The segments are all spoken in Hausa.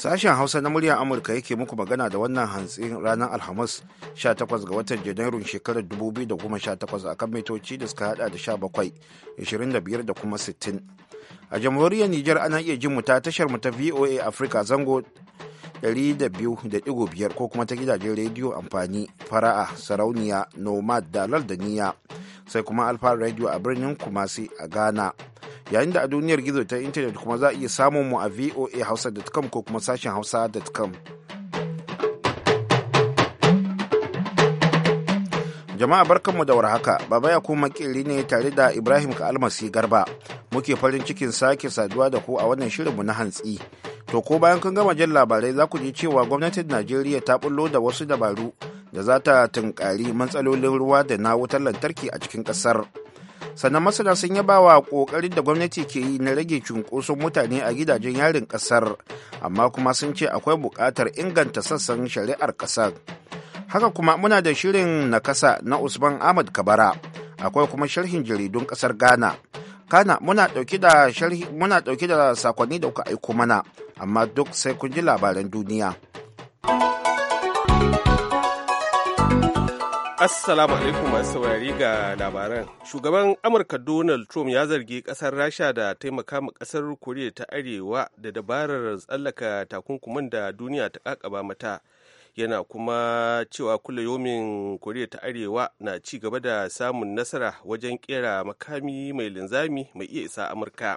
Sashen Hausa na muryar Amurka yake muku magana da wannan hantsin ranar Alhamis 18 ga watan Janairun shekarar 2018 a kan mitoci da suka hada da 17, 25 da kuma 60. A jamhuriyar Nijar ana iya jin mu ta tashar mu ta VOA Africa zango 102.5 ko kuma ta gidajen rediyo amfani fara'a sarauniya nomad dalar da niyya sai kuma alfa radio a birnin kumasi a ghana yayin da a duniyar gizo ta intanet kuma za a iya samun mu a voa hausa.com ko kuma sashen hausa.com jama'a barkanmu da warhaka baba ya kuma makili ne tare da ibrahim ka almasi garba muke farin cikin sake saduwa da ku a wannan shirinmu na hantsi To ko bayan kun gama jin labarai za ku ji cewa gwamnatin Najeriya ta bullo da wasu dabaru da za ta tunkari matsalolin ruwa da na wutar lantarki a cikin ƙasar. Sannan masana sun yaba wa ƙoƙarin da gwamnati ke yi na rage cunkoson mutane a gidajen yarin ƙasar, amma kuma sun ce akwai buƙatar inganta sassan shari'ar ƙasar. Haka kuma muna da shirin nakasa na Usman Ahmad Kabara, akwai kuma sharhin jaridun ƙasar Ghana. Kana muna ɗauki da sakonni da kuka aiko mana amma duk sai kun ji labaran duniya. Assalamu alaikum masu saurari ga labaran. Shugaban Amurka Donald Trump ya zargi kasar Rasha da taimaka ma kasar Koriya ta Arewa da dabarar tsallaka takunkuman da duniya ta kakaba mata. Yana kuma cewa kula yomin Koriya ta Arewa na ci gaba da samun nasara wajen kera makami mai linzami mai iya isa Amurka.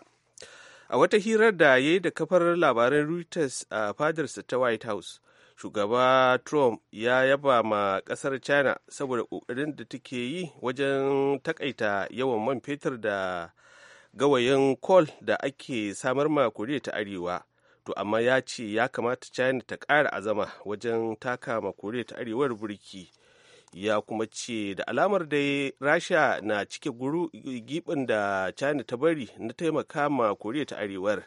a wata hirar da ya yi da kafar labaran reuters a fadarsa ta white house shugaba trump ya yaba ma kasar china saboda kokarin da take yi wajen takaita yawan man fetur da gawayin coal da ake samar ma koriya ta arewa to amma ya ce ya kamata china ta ƙara azama wajen taka ma koriya ta arewar burki ya kuma ce da alamar da rasha na cike guru gibin da china ta bari na taimaka ma koriya ta arewar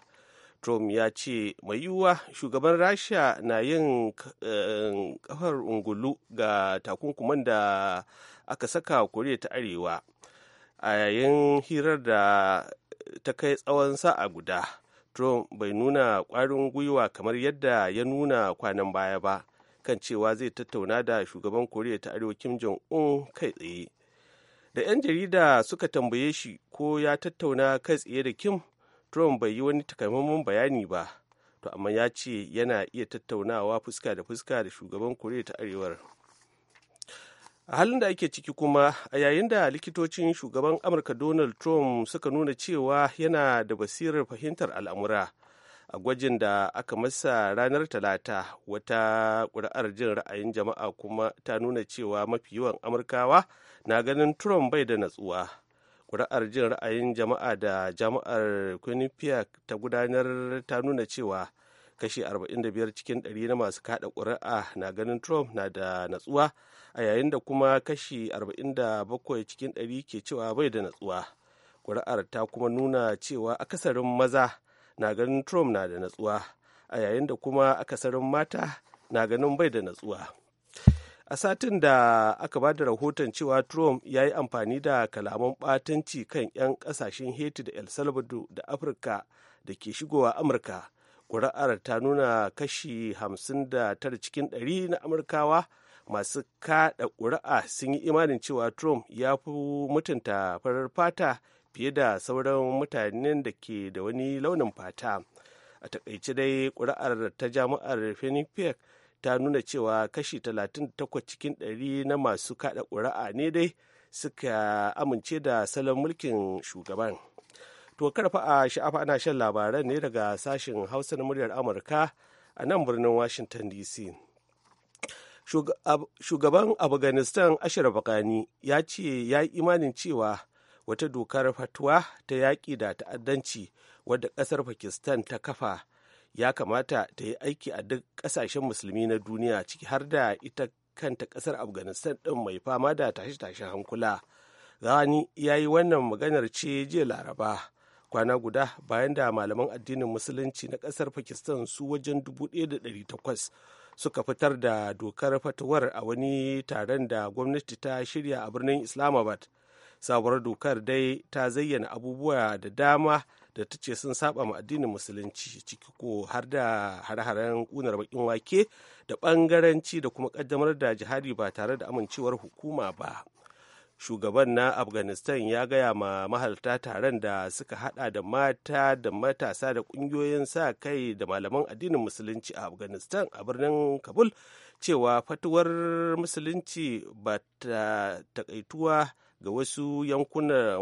trump ya ce mai yiwuwa shugaban rasha na yin eh, kafar ungulu ga takunkuman da aka saka koriya ta arewa a yayin hirar da ta kai tsawon sa'a guda trump bai nuna kwarin gwiwa kamar yadda ya nuna kwanan baya ba kan cewa zai tattauna da shugaban koriya ta arewa kim jong un kai tsaye da 'yan jarida suka tambaye shi ko ya tattauna kai tsaye da kim trump bai yi wani takamaiman bayani ba to amma ya ce yana iya tattaunawa fuska da fuska da shugaban koriya ta arewar a halin da ake ciki kuma a yayin da likitocin shugaban amurka donald trump suka nuna cewa yana da basirar fahimtar al'amura a gwajin da aka masa ranar talata wata ƙuri'ar jin ra'ayin jama'a kuma ta nuna cewa mafi yawan amurkawa na ganin trump bai da natsuwa ƙuri'ar jin ra'ayin jama'a da jama'ar quinnipiac ta gudanar ta nuna cewa kashi 45 cikin 100 na masu kada ƙuri'a na ganin trump na da natsuwa a yayin da kuma kashi 47 cikin 100 ke cewa bai da natsuwa ƙuri'ar ta kuma nuna cewa akasarin maza na ganin trump na da natsuwa a yayin da kuma akasarin mata na ganin bai da natsuwa a satin da aka ba da rahoton cewa trump ya yi amfani da kalaman batanci kan 'yan kasashen haiti da el salvador da afirka da ke shigowa amurka ƙuri'ar ta nuna kashi 59 cikin 100 na amurkawa masu kada ƙuri'a sun yi imanin cewa trump ya fi mutunta farar fata fiye da sauran mutanen da ke da wani launin fata a takaice dai kuri'ar ta jami'ar phoenix ta nuna cewa kashi 38 cikin 100 na masu kada ƙuri'a ne dai suka amince da salon mulkin shugaban. To karfa a sha'afa ana shan labaran ne daga sashen Hausa na muryar Amurka a nan birnin Washington DC. Shugaban Afghanistan Ashraf Ghani ya ce ya yi imanin cewa wata dokar fatuwa ta yaƙi da ta'addanci wadda ƙasar pakistan ta kafa ya kamata ta yi aiki a duk ƙasashen musulmi na duniya ciki har da ita kanta ƙasar afghanistan ɗin mai fama da tashe-tashen hankula rani ya yi wannan maganar ce jiya laraba kwana guda bayan da malaman addinin musulunci na ƙasar pakistan su wajen 1,800 suka fitar da dokar fatuwar a wani taron da gwamnati ta shirya a birnin islamabad sabuwar dokar dai ta zayyana abubuwa da dama da ta ce sun saba ma addinin musulunci ciki ko har da hare-haren kunar bakin wake da bangaranci da kuma kaddamar da jihadi ba tare da amincewar hukuma ba shugaban na afghanistan ya gaya ma mahalta taron da suka hada da mata da matasa da kungiyoyin sa kai da malaman addinin musulunci a afghanistan a birnin kabul cewa fatuwar musulunci ba ta takaituwa ga wasu yankuna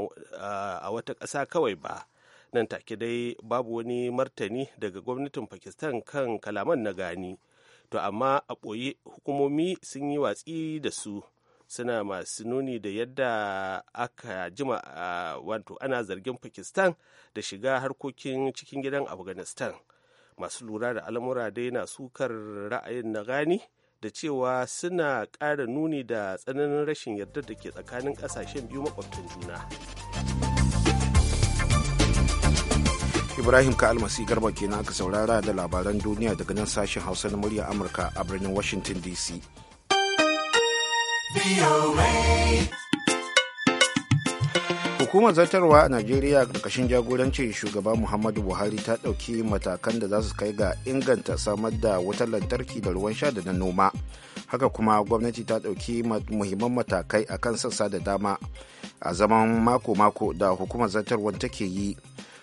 a wata ƙasa kawai ba nan take dai babu wani martani daga gwamnatin pakistan kan kalaman na gani to amma a ɓoye hukumomi sun yi watsi da su suna masu nuni da yadda aka jima a wato ana zargin pakistan da shiga harkokin cikin gidan afghanistan masu lura da al'amura dai na sukar ra'ayin na gani da cewa suna ƙara nuni da tsananin rashin yarda da ke tsakanin ƙasashen biyu makwabtan juna. Ibrahim ka almasi garba kenan aka saurara da labaran duniya daga nan sashen Hausa na murya Amurka a birnin Washington DC. hukumar zartarwa a najeriya karkashin jagorancin shugaba muhammadu buhari ta ɗauki matakan da za su kai ga inganta samar da wutar lantarki da ruwan sha da na noma haka kuma gwamnati ta ɗauki muhimman matakai a kan sassa da dama a zaman mako-mako da hukumar zartarwar take yi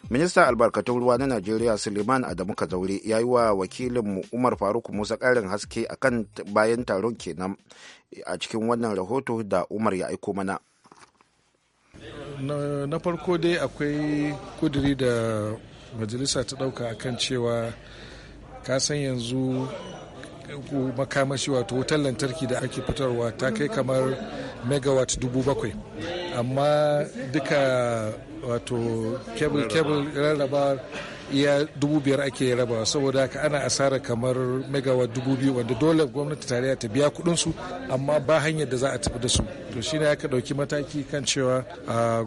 minista albarkatun ruwa na najeriya suleiman adamu kazaure ya yi wa wakilinmu umar faruk musa ƙarin haske akan bayan taron kenan a cikin wannan rahoto da umar ya aiko mana na farko dai akwai kuduri da majalisa ta dauka akan cewa ka san yanzu makamashi wato wutar lantarki da ake fitarwa ta kai kamar megawatt dubu bakwai amma duka wato kebul-kebul rarraba iya dubu biyar ake rabawa saboda haka ana asara kamar megawatt dubu biyu wanda dole gwamnati tarayya ta biya kuɗin su amma ba hanyar da za a tafi da su to shine aka ɗauki mataki kan cewa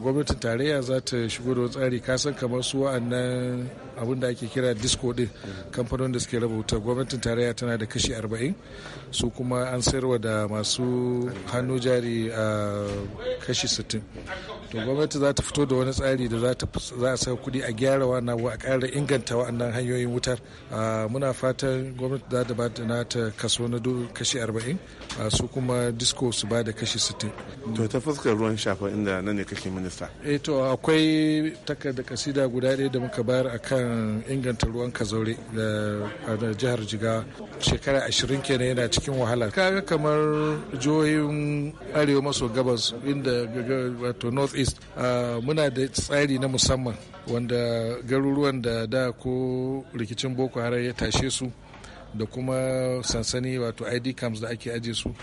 gwamnatin tarayya za ta shigo da tsari kasan kamar su wa'annan abin da ake kira disco din kamfanin da suke raba wuta gwamnatin tarayya tana da kashi 40 su kuma an sayarwa da masu hannu jari a kashi 60 to gwamnati za ta fito da wani tsari da za a saka kuɗi a gyara wa na a ƙara inganta waɗannan hanyoyin wutar muna fatan gwamnati za ta da nata kaso na kashi 40 su kuma disco su ba da kashi 60 to ta fuskar ruwan shafa inda nan ne kake minista eh to akwai takarda kasida guda ɗaya da muka bayar akan inganta ruwan kazaure da jihar jigawa shekara 20 kenan yana cikin wahala kaga kamar jihohin arewa maso gabas inda wato north east muna da tsari na musamman wanda garuruwan da da ko rikicin boko haram ya tashe su da kuma sansani wato id camps da ake ajiye su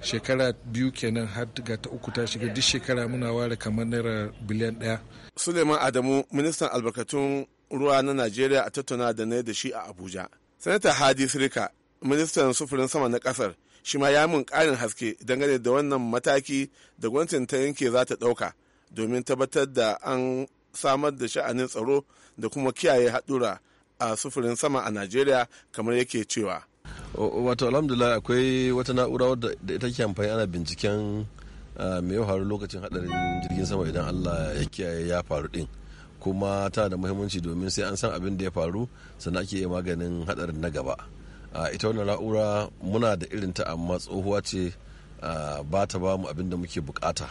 shekara biyu kenan har ga ta uku ta shiga duk shekara muna ware kamar naira biliyan daya. suleiman adamu ministan albarkatun ruwa na najeriya a tattauna da na da shi a abuja sanata hadi sirika ministan sufurin sama na kasar shi ma ya mun karin haske dangane da wannan mataki da gwamnatin ta yanke za ta dauka domin tabbatar da an samar da sha'anin tsaro da kuma kiyaye haɗura a sufurin sama a najeriya kamar yake cewa wato alhamdulillah akwai wata na'ura da ita ke amfani ana binciken mai yawa faru lokacin hadarin jirgin sama idan allah ya kiyaye ya faru din kuma tana da muhimmanci domin sai an san abin da ya faru sannan ake maganin hadarin na gaba ita wannan na'ura muna da irinta amma tsohuwa ce ba ta ba mu abin da muke bukata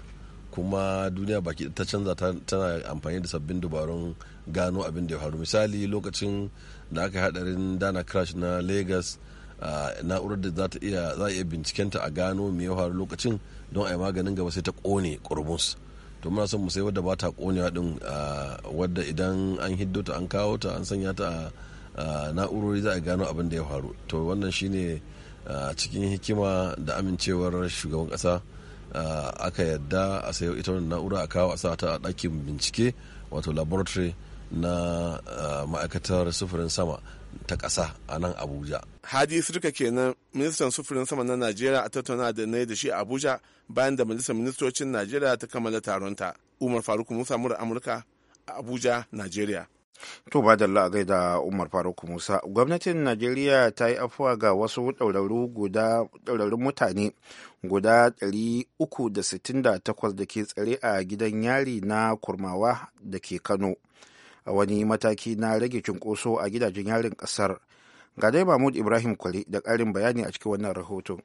kuma duniya baki ta canza tana amfani da sabbin dabarun gano abin da ya faru misali lokacin da aka hadarin dana crash na lagos na'urar da za ta iya za iya bincikenta a gano me ya faru lokacin don a yi maganin gaba sai ta kone kurmus to muna son mu sai wadda ba ta konewa din wadda idan an hiddo ta an kawo ta an sanya ta a na'urori za a gano abin da ya faru to wannan shine cikin hikima da amincewar shugaban kasa Eh, aka yadda a sayo ita wannan na'ura a kawo a sa ta a ɗakin bincike wato laboratory na eh, ma'aikatar sufurin sama ta ƙasa a nan abuja hadi sirka kenan ministan sufurin sama na najeriya a tattauna da na da shi a abuja bayan da majalisar ministocin najeriya ta kammala taron ta umar faruk musa mura amurka a abuja najeriya To ba da Umar Faruk Musa. Gwamnatin Najeriya ta yi afuwa ga wasu ɗaurarrun mutane guda 368 da ke tsare a gidan yari na kurmawa da ke Kano. A wani mataki na rage cunkoso a gidajen yarin ƙasar. Ga dai Mahmud Ibrahim Kwale da ƙarin bayani a cikin wannan rahoton.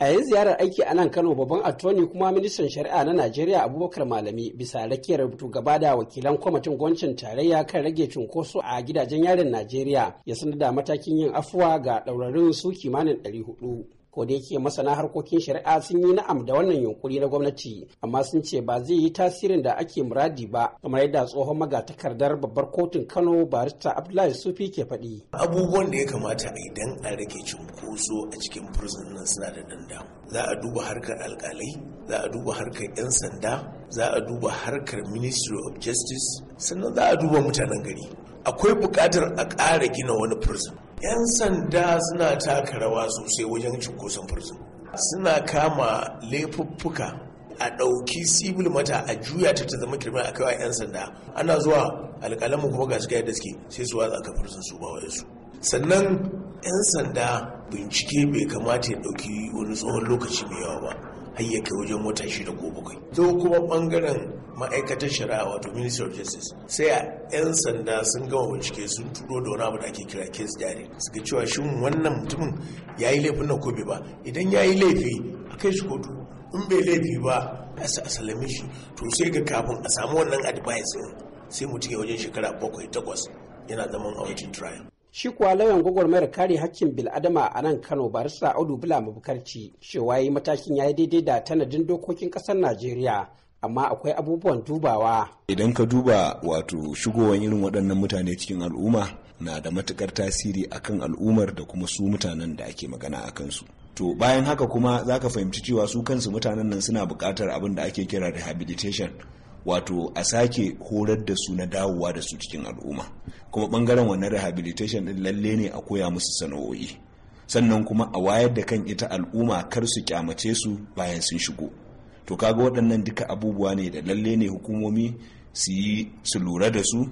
a yayin ziyarar aiki a nan kano babban attorney kuma ministan shari'a na najeriya abubakar malami bisa rakiyar rubutu gaba da wakilan kwamitin gwancin tarayya kan rage cunkoso a gidajen yarin najeriya ya sanar da matakin yin afuwa ga ɗaurarin su kimanin 400 ko da yake masana harkokin shari'a sun yi na'am da wannan yunkuri na gwamnati amma sun ce ba zai yi tasirin da ake muradi ba kamar yadda tsohon magatakardar babbar kotun kano barista abdullahi sufi ke faɗi abubuwan da ya kamata a idan a rage cunkoso a cikin prison nan suna da dandam za a duba harkar alkalai za a duba harkar 'yan sanda za a duba harkar ministry of justice sannan za a duba mutanen gari akwai buƙatar a ƙara gina wani prison 'yan sanda suna taka rawa sosai wajen cunkoson furzin suna kama laifuffuka a ɗauki sibil mata a juya ta ta zama kirma a kawai 'yan sanda ana zuwa alƙalamin kuma ga suka yadda suke sai su watsa aka sun su ba sannan 'yan sanda bincike bai kamata ya ɗauki wani tsohon lokaci mai yawa ba har ya kai wajen wata shida ko bakwai to kuma bangaren ma'aikatar shari'a wato minister of justice sai a 'yan sanda sun gama bincike sun turo da wani abu da ake kira case diary suka cewa shin wannan mutumin ya yi laifin na kobe ba idan ya yi laifi a kai shi kotu in bai laifi ba a salami shi to sai ga kafin a samu wannan advice sai mutum ya wajen shekara bakwai takwas yana zaman a wajen trial shi kuwa lauyan gwagwarmayar kare hakkin bil'adama a nan kano barista audu bula mabukarci cewa yi matakin ya yi daidai da tanadin dokokin ƙasar najeriya amma akwai abubuwan dubawa idan ka duba wato shigowan irin waɗannan mutane cikin al'umma na da matukar tasiri akan al'ummar da kuma su mutanen da ake magana a kansu to bayan haka kuma za ka fahimci cewa su kansu mutanen nan suna buƙatar abin da ake kira rehabilitation wato a sake horar da su na dawowa da su cikin al'umma kuma bangaren wannan rehabilitation din lalle ne a koya musu sana'o'i sannan kuma a wayar da kan ita al'umma kar su kyamace su bayan sun shigo to kaga waɗannan duka abubuwa ne da lalle ne hukumomi su yi su lura da su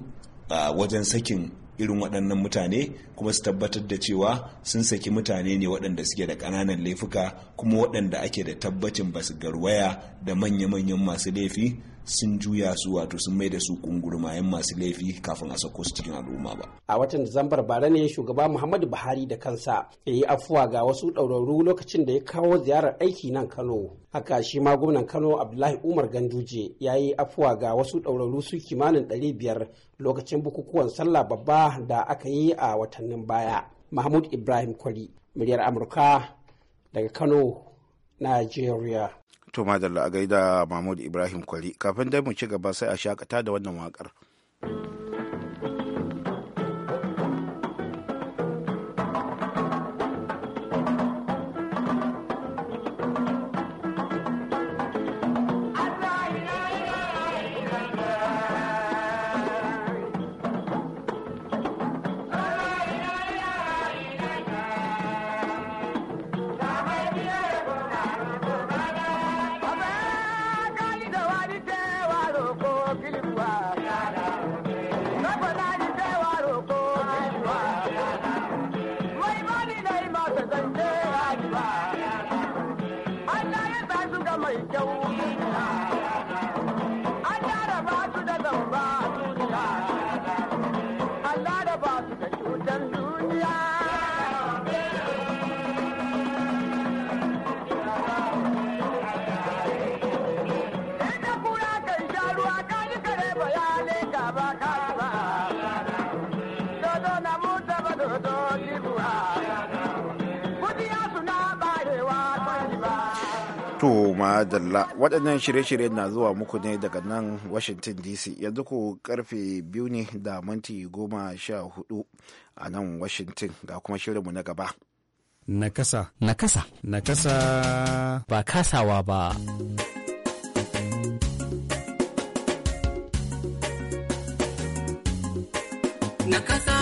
a wajen sakin irin waɗannan mutane kuma su tabbatar da cewa sun saki mutane ne waɗanda suke da ƙananan laifuka kuma waɗanda ake da tabbacin ba su garwaya da manya-manyan masu laifi sun juya su wato sun mai da su kungurmayen masu laifi kafin a sauko su cikin al'umma ba. A watan Disambar bara ne shugaba Muhammadu Buhari da kansa ya yi afuwa ga wasu ɗaurarru lokacin da ya kawo ziyarar aiki nan Kano. Haka shi ma gwamnan Kano Abdullahi Umar Ganduje ya yi afuwa ga wasu ɗaurarru su kimanin ɗari biyar lokacin bukukuwan sallah babba da aka yi a watannin baya. Mahmud Ibrahim Kwari, muryar Amurka daga Kano, Nigeria. to madalla a gaida mahmud ibrahim kwari kafin dai mu ci gaba sai a shakata da wannan waƙar. To madalla waɗannan shirye-shirye na zuwa muku ne daga nan Washington DC yanzu ku karfe biyu ne da minti goma sha hudu a nan Washington ga kuma shirinmu na gaba. Nakasa. Nakasa. Nakasa. Ba kasawa ba. Nakasa.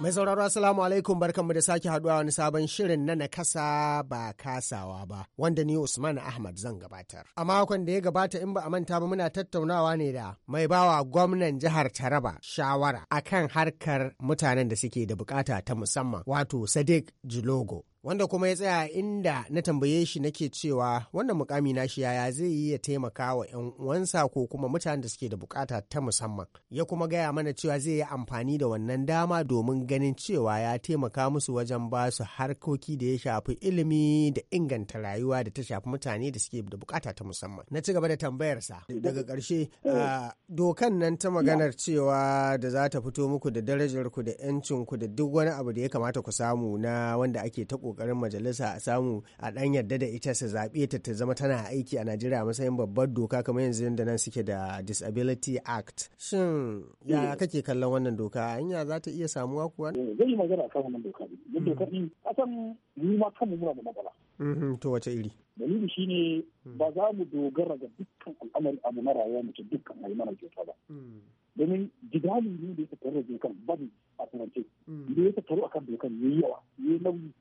Mai sauraro Assalamu alaikum barkanmu da sake haduwa wani sabon shirin na nakasa ba kasawa ba wanda ni Usman Ahmad zan gabatar. A makon da ya gabata in ba a manta ba muna tattaunawa ne da mai bawa gwamnan jihar Taraba shawara akan harkar mutanen da suke da bukata ta musamman wato Sadiq Jilogo wanda kuma ya tsaya inda na tambaye shi nake cewa wannan mukami na shi yaya zai yi ya taimaka wa 'yan uwansa ko kuma mutanen da suke da bukata ta musamman ya kuma gaya mana cewa zai yi amfani da wannan dama domin ganin cewa ya taimaka musu wajen ba su harkoki da ya shafi ilimi da inganta rayuwa da ta shafi mutane da suke da bukata ta musamman na ci gaba da tambayarsa daga ƙarshe eh. dokan nan ta maganar cewa da za ta fito muku da darajar ku da 'yancin ku da duk wani abu da ya kamata ku samu na wanda ake taɓo kokarin majalisa a samu a dan yadda da ita su zaɓe ta ta zama tana aiki a Najeriya matsayin babbar doka kamar yanzu yadda nan suke da Disability Act. Shin ya eh. kake kallon wannan doka hanya za ta iya samuwa kuwa? Eh, zai yi magana a kan wannan doka ne. Doka mm-hmm. ɗin san ni ma kanmu muna da matsala. Mm-hmm. To wace iri? Dalili shine mm. ba za mu dogara ga dukkan al'amari abu na rayuwa ta dukkan ayi mana kyauta ba. Mm. Domin jidali ne da ya da dokan ban a turance. Mm. Da ya tattaru akan dokan ne yawa ne nauyi.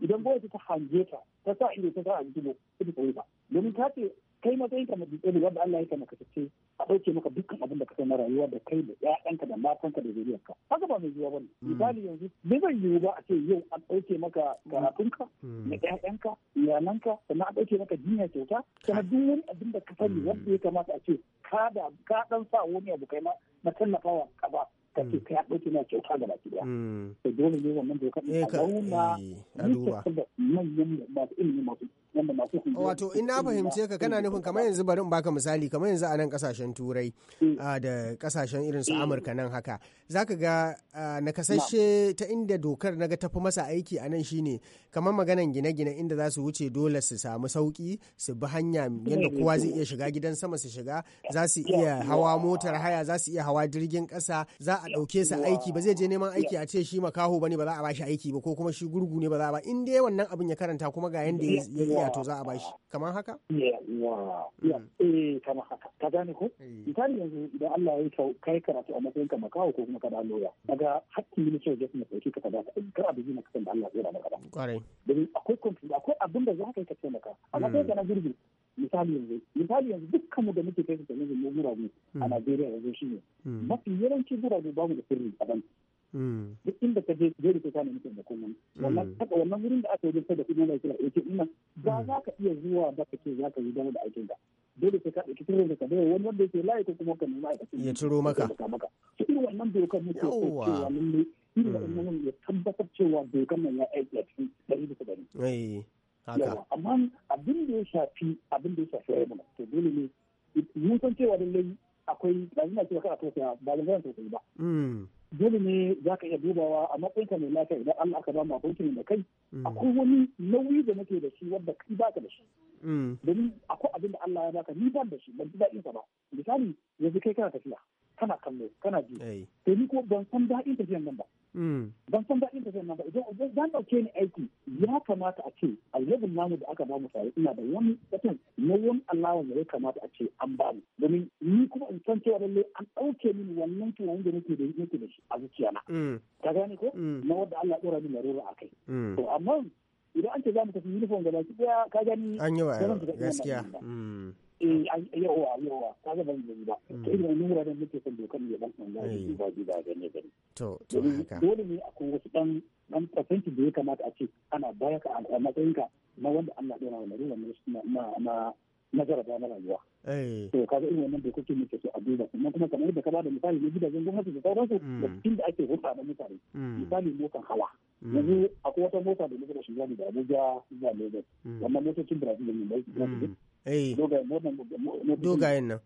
idan gwamnati ta hange ta ta sa ido ta sa a jibo ta bi ba domin ta ce kai matsayin ka mace ne wanda Allah ya kama ka tace a dauke maka dukkan abin da ka san na rayuwa da kai da ƴaƴanka da matanka da zuriyarka haka ba mai zuwa bane hmm. misali yanzu bai zai yiwu ba a ce yau an dauke maka karatunka hmm. da ƴaƴanka iyalanka sannan a dauke maka jinya kyauta sannan duk wani abin da ka sani hmm. wanda ya kamata a ce ka da ka dan sa wani abu kai ma na tallafawa ka ba ka ce mm. kai akwai kina kyauta ga baki daya mm. to dole ne wannan dokar eh ta zauna eh, ne ta da manyan masu ilimi masu wato in na fahimce ka kana nufin kamar yanzu bari in baka misali kamar yanzu a nan kasashen turai mm. ah, da kasashen irin su mm. amurka nan haka zaka ga ah, nakasashe ta inda dokar na naga tafi masa aiki a nan shine kamar maganan gine-gine inda za su wuce dole su samu sauki su bi hanya yadda kowa zai iya shiga gidan sama su shiga za su iya hawa motar haya za su iya hawa jirgin kasa za a ɗauke su aiki ba zai je neman aiki a ce shi makaho bane ba za a bashi aiki ba ko kuma shi gurgu ne ba za a ba in dai wannan abin ya karanta kuma ga yanda ya tarayya to za a bashi kamar haka? Mm. eh kamar haka ka gane ko eh. misali yanzu idan Allah ya yi kai karatu a matsayin ka makawo ko kuma kada loya daga hakkin ministry of justice ɗauki ka kada kar a bijina kasan da Allah ya rada kada kwarai domin akwai kwamfuta akwai abin da za ka yi ka taimaka a mm. matsayin ka na girbi misali yanzu misali yanzu dukkan mu da muke kai da mu guragu a mm. Najeriya yanzu ne. mafi yawanci guragu babu da sirri a banki Mm. duk inda ka je je da ka nemi taimakon wani mm. wannan haka wannan wurin da aka yi da kuma da kira yake ina ba mm. za ka iya zuwa ba ka ce za ka yi da aikin ka dole sai ka ɗauki turin da ka bayar wani wanda yake layi ko kuma ka nemi aikacin ya ciro maka su irin wannan dokar muke so cewa lalle irin wannan ya tabbatar cewa dokar nan ya aiki a cikin ɗari bisa ɗari. Eh, amma abin da ya shafi abin da ya shafi ya to dole ne mun san cewa lallai akwai ba zina cewa kan a tausaya ba zan tausaya ba. dole ne za ka iya dubawa a matsayinka mai lafiya idan Allah aka ba mu abokin da kai mm. akwai wani nauyi da nake da shi wanda kai baka da shi mm. domin akwai abin da Allah ya baka ni ban da shi ban da ba misali yanzu kai kana tafiya kana kallo kana ji eh. to ni ko ban san daɗin tafiyan nan ba mm. ban san daɗin tafiyan nan ba idan zan ɗauke ni aiki ya kamata a ce a namu da aka bamu tare ina da wani kasan na wani allawan da ya kamata a ce an bamu domin ni kuma in san cewa lallai an ɗauke mini wannan tunanin da nake da nake da shi a na mm. ka gane ko mm. na wanda Allah ya ɗora min larura a kai to amma idan an ce za mu tafi uniform ga ki ɗaya ka gani an yi wa gaskiya eh mm. yawa yawa ka ga ban yi ba mm. to irin wannan wuraren muke son dokar ya ban Allah ya ba ji ba gane gane eh. to to haka dole ne akwai wasu dan dan percent da ya kamata a ce ana baya ka a matsayin ka na wanda Allah ya dora wannan na na na jaraba na rayuwa eh. to ka ga irin wannan dokokin muke so a duba kuma kuma kamar yadda ka bada misali na gidajen gwamnati da sauransu mm. da cikin da ake hulɗa da mutane misali motan hawa yanzu akwai wata mota da muka shiga da Abuja zuwa Lagos wannan motocin Brazil ne da Eh. dogayen nan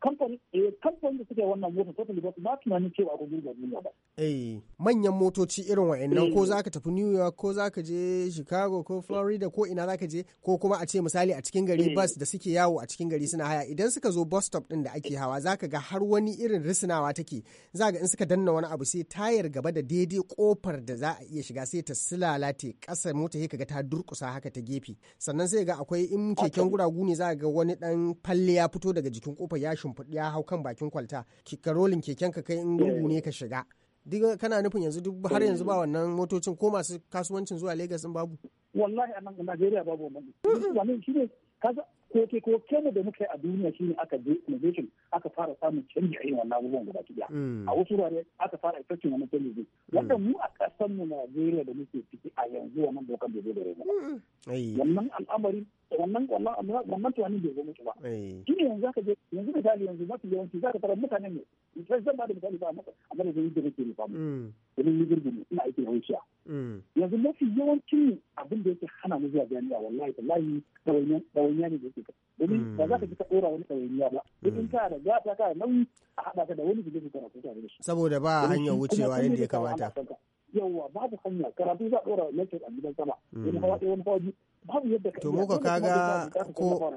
kamfani eh da suke wannan mota totally ba su ma tunanin cewa akwai gurbar duniya ba Eh, manyan motoci irin wa'annan ko eh. za ka tafi new york ko za ka je chicago ko florida ko ina za ka je ko kuma a ce misali a cikin gari eh. bus da suke yawo a cikin gari suna haya idan suka zo bus stop din da ake hawa za ka ga har wani irin risinawa take za ga in suka danna wani abu sai tayar gaba da daidai kofar da za a iya shiga sai ta silalate kasa mota sai ga ta durkusa haka ta gefe sannan sai ga akwai in keken guragu ne za ga wani dan falle ya fito daga jikin kofar ya shimfiɗi ya hau kan bakin kwalta ka rolin keken ka kai in gugu ne ka shiga duk kana nufin yanzu duk har yanzu ba wannan motocin ko masu kasuwancin zuwa Legas din babu wallahi a nan Najeriya babu wannan shi ne kaza koke koke ne da muka yi a duniya ne aka je innovation aka fara samun canji a yin wannan abubuwan guda ki hmm. a wasu wurare aka fara effectin wannan canji wanda mu a kasar mu Najeriya da muke ciki a yanzu wannan dokan bai zai da rai wannan al'amari wannan wannan wannan tunanin bai zo musu ba shi ne yanzu aka je yanzu misali yanzu mafi yawanci za ka fara mutane ne zan zan ba da misali ba a masa amma da zai yi da nake ba mu mm. domin ni girgin ina aikin haushiya mm. yanzu mafi yawancin abin da yake hana mu zuwa jami'a wallahi wallahi ɗawainiya ne da yake ka domin mm. ba za ka ji ka ɗora wani ɗawainiya ba in ka da gata ka da nauyi a haɗa ka da wani da zai karatu tare da shi saboda ba hanyar wucewa yadda ya kamata yauwa babu hanya karatu za a ɗora na a gidan sama mm. wani hawa ɗaya wani hawa biyu to muka kaga ko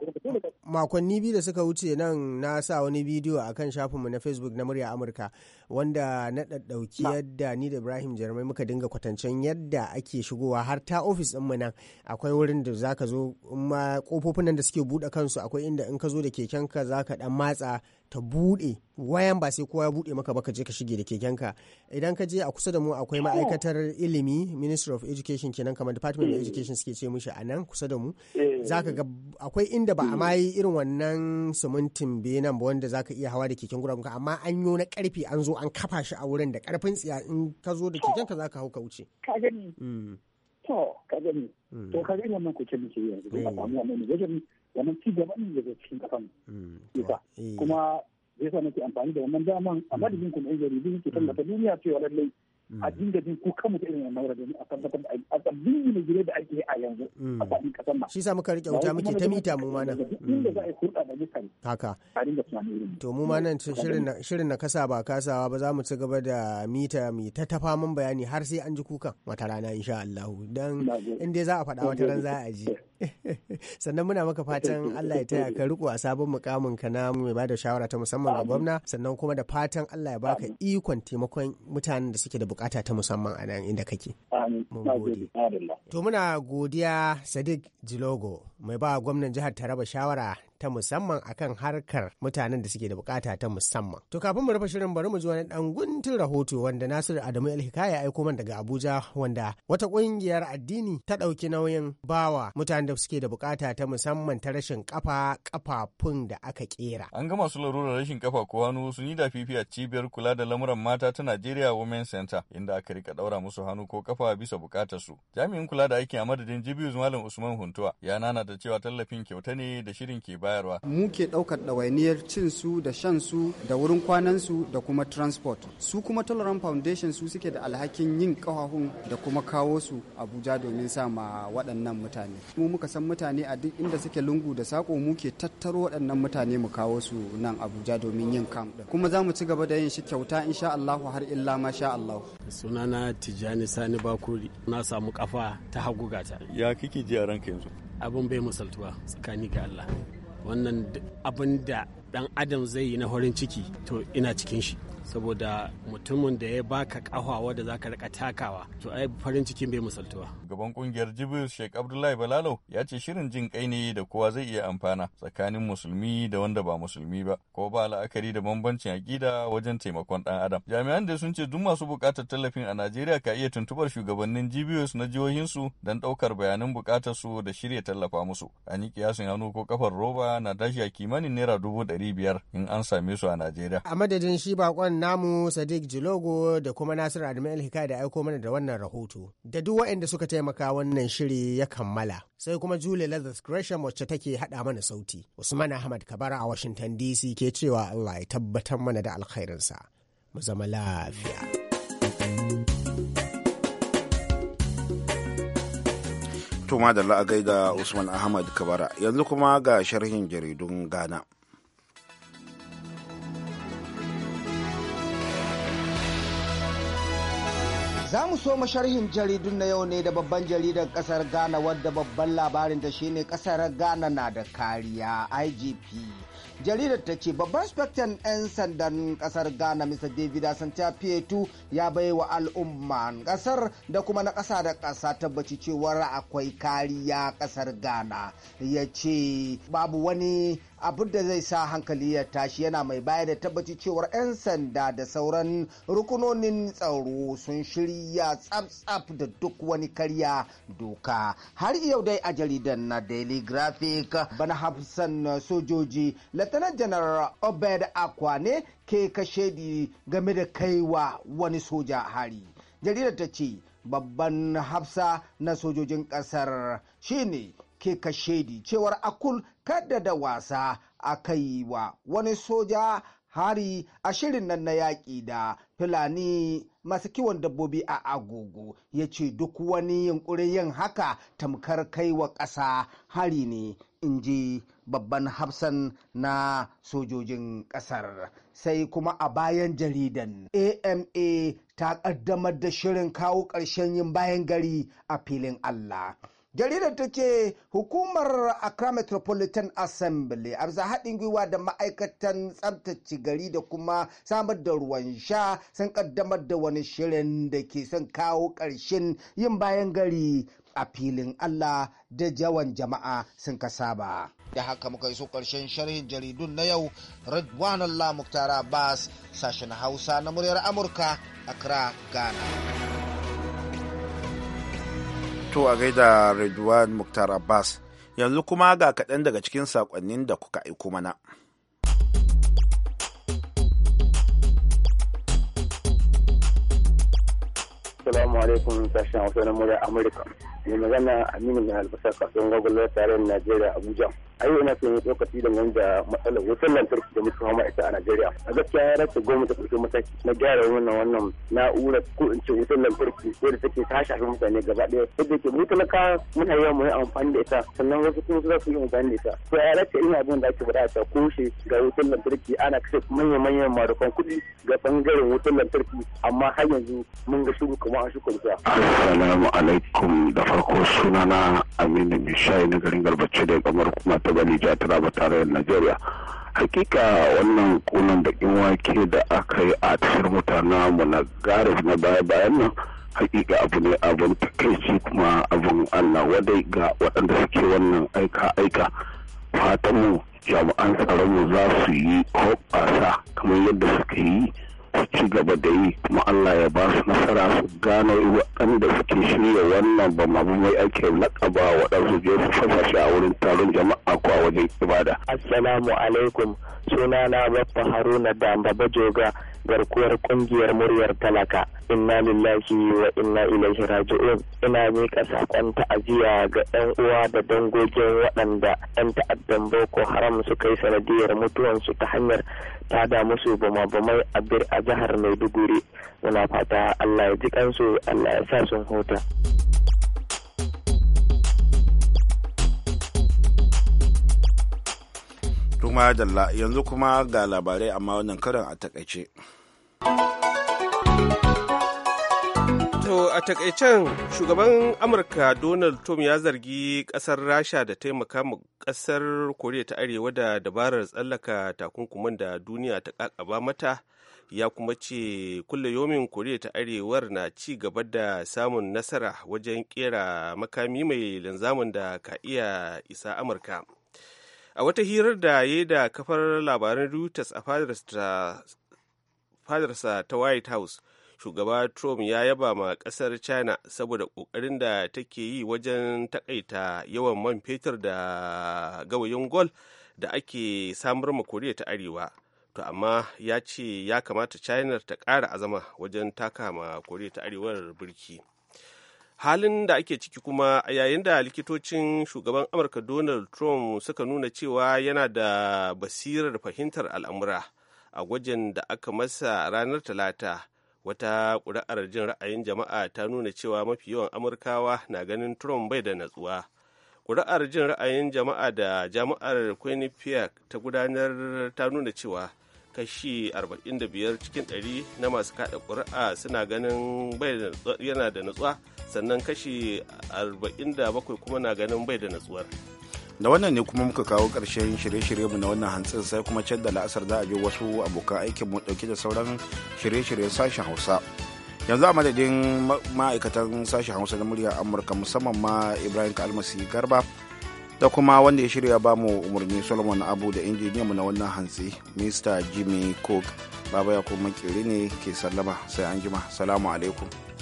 makonni biyu da suka wuce nan na sa wani bidiyo a kan shafinmu na facebook na murya amurka wanda na ɗaɗɗauki yadda ni da ibrahim jarmai muka dinga kwatancen yadda ake shigowa har ta ofis ɗinmu nan akwai wurin da za ka zo ma kofofin nan da suke buɗe kansu akwai inda in ka zo da kekenka za ka ɗan matsa ta buɗe wayan ba sai kowa ya buɗe maka ba ka je ka shige da kekenka idan ka je a kusa da mu akwai oh. ma'aikatar ilimi ministry of education kenan kamar department of education suke ce mishi a kenan kusa da mu eh. za ka ga akwai inda ba a hmm. ma yi irin wannan simintin benin ba wanda za ka iya hawa da keken guragun ka amma an yi na karfi an zo an kafa shi a wurin da karfin tsiya in ka zo da keken ka za ka hau ka wuce. ka gani hmm. to ka gani hmm. to ka gani wannan kuce muke yanzu ba samu wannan wajen wannan ci gaba ne daga cikin kafan eh. kuma zai sa nake amfani da wannan daman a madadin kuma yan jaridu ke tallata duniya cewa lallai a mm. dinga bin ko kanmu da irin a wurare domin a tabbatar da a tsabbin yi gine da ake a yanzu a mm. faɗin ƙasar ma. Shi sa muka riƙe wuta muke ta mita mu mana. nan. Inda mm. za a yi hulɗa da mutane. Haka. A dinga tunanin irin. To mu ma nan shirin na kasa ba kasawa ba za mu ci gaba da mita mai ta tafa mun bayani har sai an ji kukan wata rana insha Allah. Dan inda za a faɗa wata ran za a ji. sannan muna maka fatan Allah ya taya ka riko a sabon mukamin ka na mai ba da shawara ta musamman ga gwamna sannan kuma da fatan Allah ya baka ikon taimakon mutanen da suke da bukata ta musamman a nan inda kake. To muna godiya Sadiq Jilogo mai ba gwamnan jihar Taraba shawara ta musamman akan harkar mutanen da suke da bukata ta musamman. To kafin mu rufe shirin bari mu zuwa na dan guntun rahoto wanda Nasiru Adamu ya aiko man daga Abuja wanda wata kungiyar addini ta dauki nauyin bawa mutanen da suke da bukata ta musamman ta rashin kafa kafafun da aka kera. An gama su larurar rashin kafa ko hannu sun yi da fifi a cibiyar kula da lamuran mata ta Najeriya Women Center inda aka rika daura musu hannu ko kafa bisa bukatar su. Jami'in kula da aiki a madadin Jibiyu Malam Usman Huntuwa ya nana da cewa tallafin kyauta ne da shirin ke bayar bayarwa mu ke ɗaukar ɗawainiyar cin su da shan su da wurin kwanan su da kuma transport su kuma tolerant foundation su suke da alhakin yin ƙafafun da kuma kawo su abuja domin sa ma waɗannan mutane mu muka san mutane a duk inda suke lungu da sako mu ke tattaro waɗannan mutane mu kawo su nan abuja domin yin kam ɗin kuma za mu ci gaba da yin shi kyauta insha Allah har illa ma sha Allah sunana tijjani sani bakuri na samu kafa ta hagugata ya kike ji a ranka yanzu abin bai misaltuwa tsakani ga allah wannan abin da dan adam zai yi na farin ciki to ina cikin shi saboda mutumin da ya baka kahawa za ka rika takawa to ai farin cikin bai misaltuwa gaban kungiyar jibril sheikh abdullahi balalo ya ce shirin jin kai ne da kowa zai iya amfana tsakanin musulmi da wanda ba musulmi ba ko ba la'akari da bambancin aƙida wajen taimakon dan adam jami'an da sun ce duk masu bukatar tallafin a najeriya ka iya tuntubar shugabannin jibios na jihohinsu don ɗaukar bayanan buƙatar su da shirya tallafa musu an yi kiyasin hannu ko kafar roba na tashi a kimanin naira dubu ɗari biyar in an same su a najeriya a madadin shi bakon namu Sadiq Jilogo da kuma nasir Adamu Hikaya da aiko mana da wannan rahoto. Da duk waɗanda suka taimaka wannan shiri ya kammala. Sai kuma Julie Lazarus Gresham wacce take haɗa mana sauti. Usman Ahmad Kabara a Washington DC ke cewa Allah ya tabbatar mana da alkhairinsa. Mu zama lafiya. Tuma da la'agai ga Usman Ahmad Kabara yanzu kuma ga sharhin jaridun Ghana. Za mu so sharhin jaridun na yau ne da babban jaridar kasar Ghana wadda babban labarin ta shine kasar Ghana na da kariya IGP jaridar ta ce babban spectrum 'yan sandan kasar ghana mr david asanta pietu ya bai wa al'umman kasar da kuma na kasa da kasa tabbaci cewar akwai kariya kasar ghana ya ce babu wani abin da zai sa hankali ya tashi yana mai baya da tabbaci cewar 'yan sanda da sauran rukunonin tsaro sun shirya tsaf-tsaf da duk wani karya doka har yau dai a jaridar na daily graphic bana hafsan sojoji Latanar Janar Obed Akwa ne ke kashe di game da kaiwa wani soja hari. Jaridar ta ce babban hafsa na sojojin ƙasar shine ke kashe di. cewar akul kada da wasa a kaiwa wani soja hari a shirin nan na yaƙi da Fulani masu kiwon dabbobi a agogo ya ce duk wani yunkurin yin haka tamkar kaiwa ƙasa hari ne in ji babban hafsan na sojojin ƙasar sai kuma a bayan jaridan ama ta ƙaddamar da shirin kawo ƙarshen yin bayan gari a filin allah jaridar ta ce hukumar accra metropolitan assembly a bisa haɗin gwiwa da ma'aikatan tsabtace gari da kuma samar da ruwan sha sun ƙaddamar da wani shirin da ke son kawo ƙarshen yin bayan gari a filin Allah da jawan jama'a sun ka saba. Da haka muka yi iso ƙarshen sharhin jaridun na yau Redwan Allah Muktar Abbas sashen Hausa na muryar Amurka Accra Ghana. To a gaida Redwan Muktar Abbas yanzu kuma ga kaɗan daga cikin saƙonnin da kuka aiko mana. Salamu alaikum sashen Hausa na muryar Amurka. mai magana aminu na albasa kasuwan gwagwalwar tarayyar najeriya abuja a yau na son yi lokaci da wanda matsalar wutar lantarki da muka hama ita a najeriya a gaskiya ya rasa gwamnati ta ɗauki mataki na gyara wannan wannan na'urar ko in ce wutar lantarki ko da take ta shafi mutane gaba ɗaya da ke mu talaka muna yawan mu yi amfani da ita sannan wasu kuma su za su yi amfani da ita to ya rasa ina abin da ake faɗa ta kushe ga wutar lantarki ana kashe manya-manyan marukan kuɗi ga ɓangaren wutar lantarki amma har yanzu mun ga shiru kamar an shuka wuta. Assalamu alaikum da farko sunana aminu mai na garin garbace da kamar kuma ta bali ja tare da najeriya hakika wannan kunan in wake da aka yi a tashar mutane mu na garif na baya bayan nan hakika abu ne abin takaici kuma abin allah wadai ga waɗanda suke wannan aika aika fatanmu jami'an tsaronmu za su yi hoɓasa kamar yadda suka yi su ci gaba da yi kuma Allah ya ba su nasara su gano waɗanda suke shirya wannan ba ma mai ake lakaba waɗansu je su fasa a wurin taron jama'a ko a wajen ibada. Assalamu alaikum na Baffa Haruna Damba Bajoga garkuwar kungiyar muryar talaka inna lillahi wa inna ilaihi raji'un ina miƙa saƙon ta'aziyya ga ɗan uwa da dangogin waɗanda ɗan ta'addan boko haram suka yi sanadiyar mutuwansu ta hanyar ta tada musu bama-bamai a jihar maiduguri muna fata allah ya ji kansu allah ya sa sun huta. Tuma yanzu kuma ga labarai amma wannan karin a takaice. To a takaicen shugaban Amurka Donald Trump ya zargi kasar Rasha da taimaka mu kasar Koriya ta Arewa da dabarar tsallaka takunkuman da duniya ta kakaba mata ya kuma ce kulle yomin Koriya ta Arewar na ci gaba da samun nasara wajen kera makami mai linzamin da ka iya isa Amurka. A wata hirar da ya yi da kafar labaran Reuters a fadar fadarsa ta white house shugaba trump ya yaba ma kasar china saboda kokarin da take yi wajen takaita yawan man fetur da gawayin gol da ake samar ma koriya ta arewa to amma ya ce ya kamata china ta kara azama wajen taka ma koriya ta arewar birki halin da ake ciki kuma a yayin da likitocin shugaban amurka donald trump suka nuna cewa yana da basirar fahimtar al'amura a gwajin da aka masa ranar talata wata ƙuri'ar jin ra'ayin jama'a ta nuna cewa mafi yawan amurkawa na ganin trump bai da natsuwa ƙuri'ar jin ra'ayin jama'a da jami'ar quinnipiac ta gudanar ta nuna cewa kashi 45 cikin 100 na masu kada ƙuri'a suna ganin yana da natsuwa sannan kashi 47 kuma na ganin bai da natsuwar da wannan ne kuma muka kawo ƙarshen shirye-shiryenmu na wannan hantsin sai kuma can da la'asar za a je wasu abokan aikin mu dauke da sauran shirye-shiryen sashen hausa yanzu a madadin ma'aikatan sashen hausa na murya amurka musamman ma ibrahim kalmasi garba da kuma wanda ya shirya ba mu umarni solomon abu da injiniyanmu na wannan hantsi mr jimmy cook baba ya kuma ne ke sallama sai an jima salamu alaikum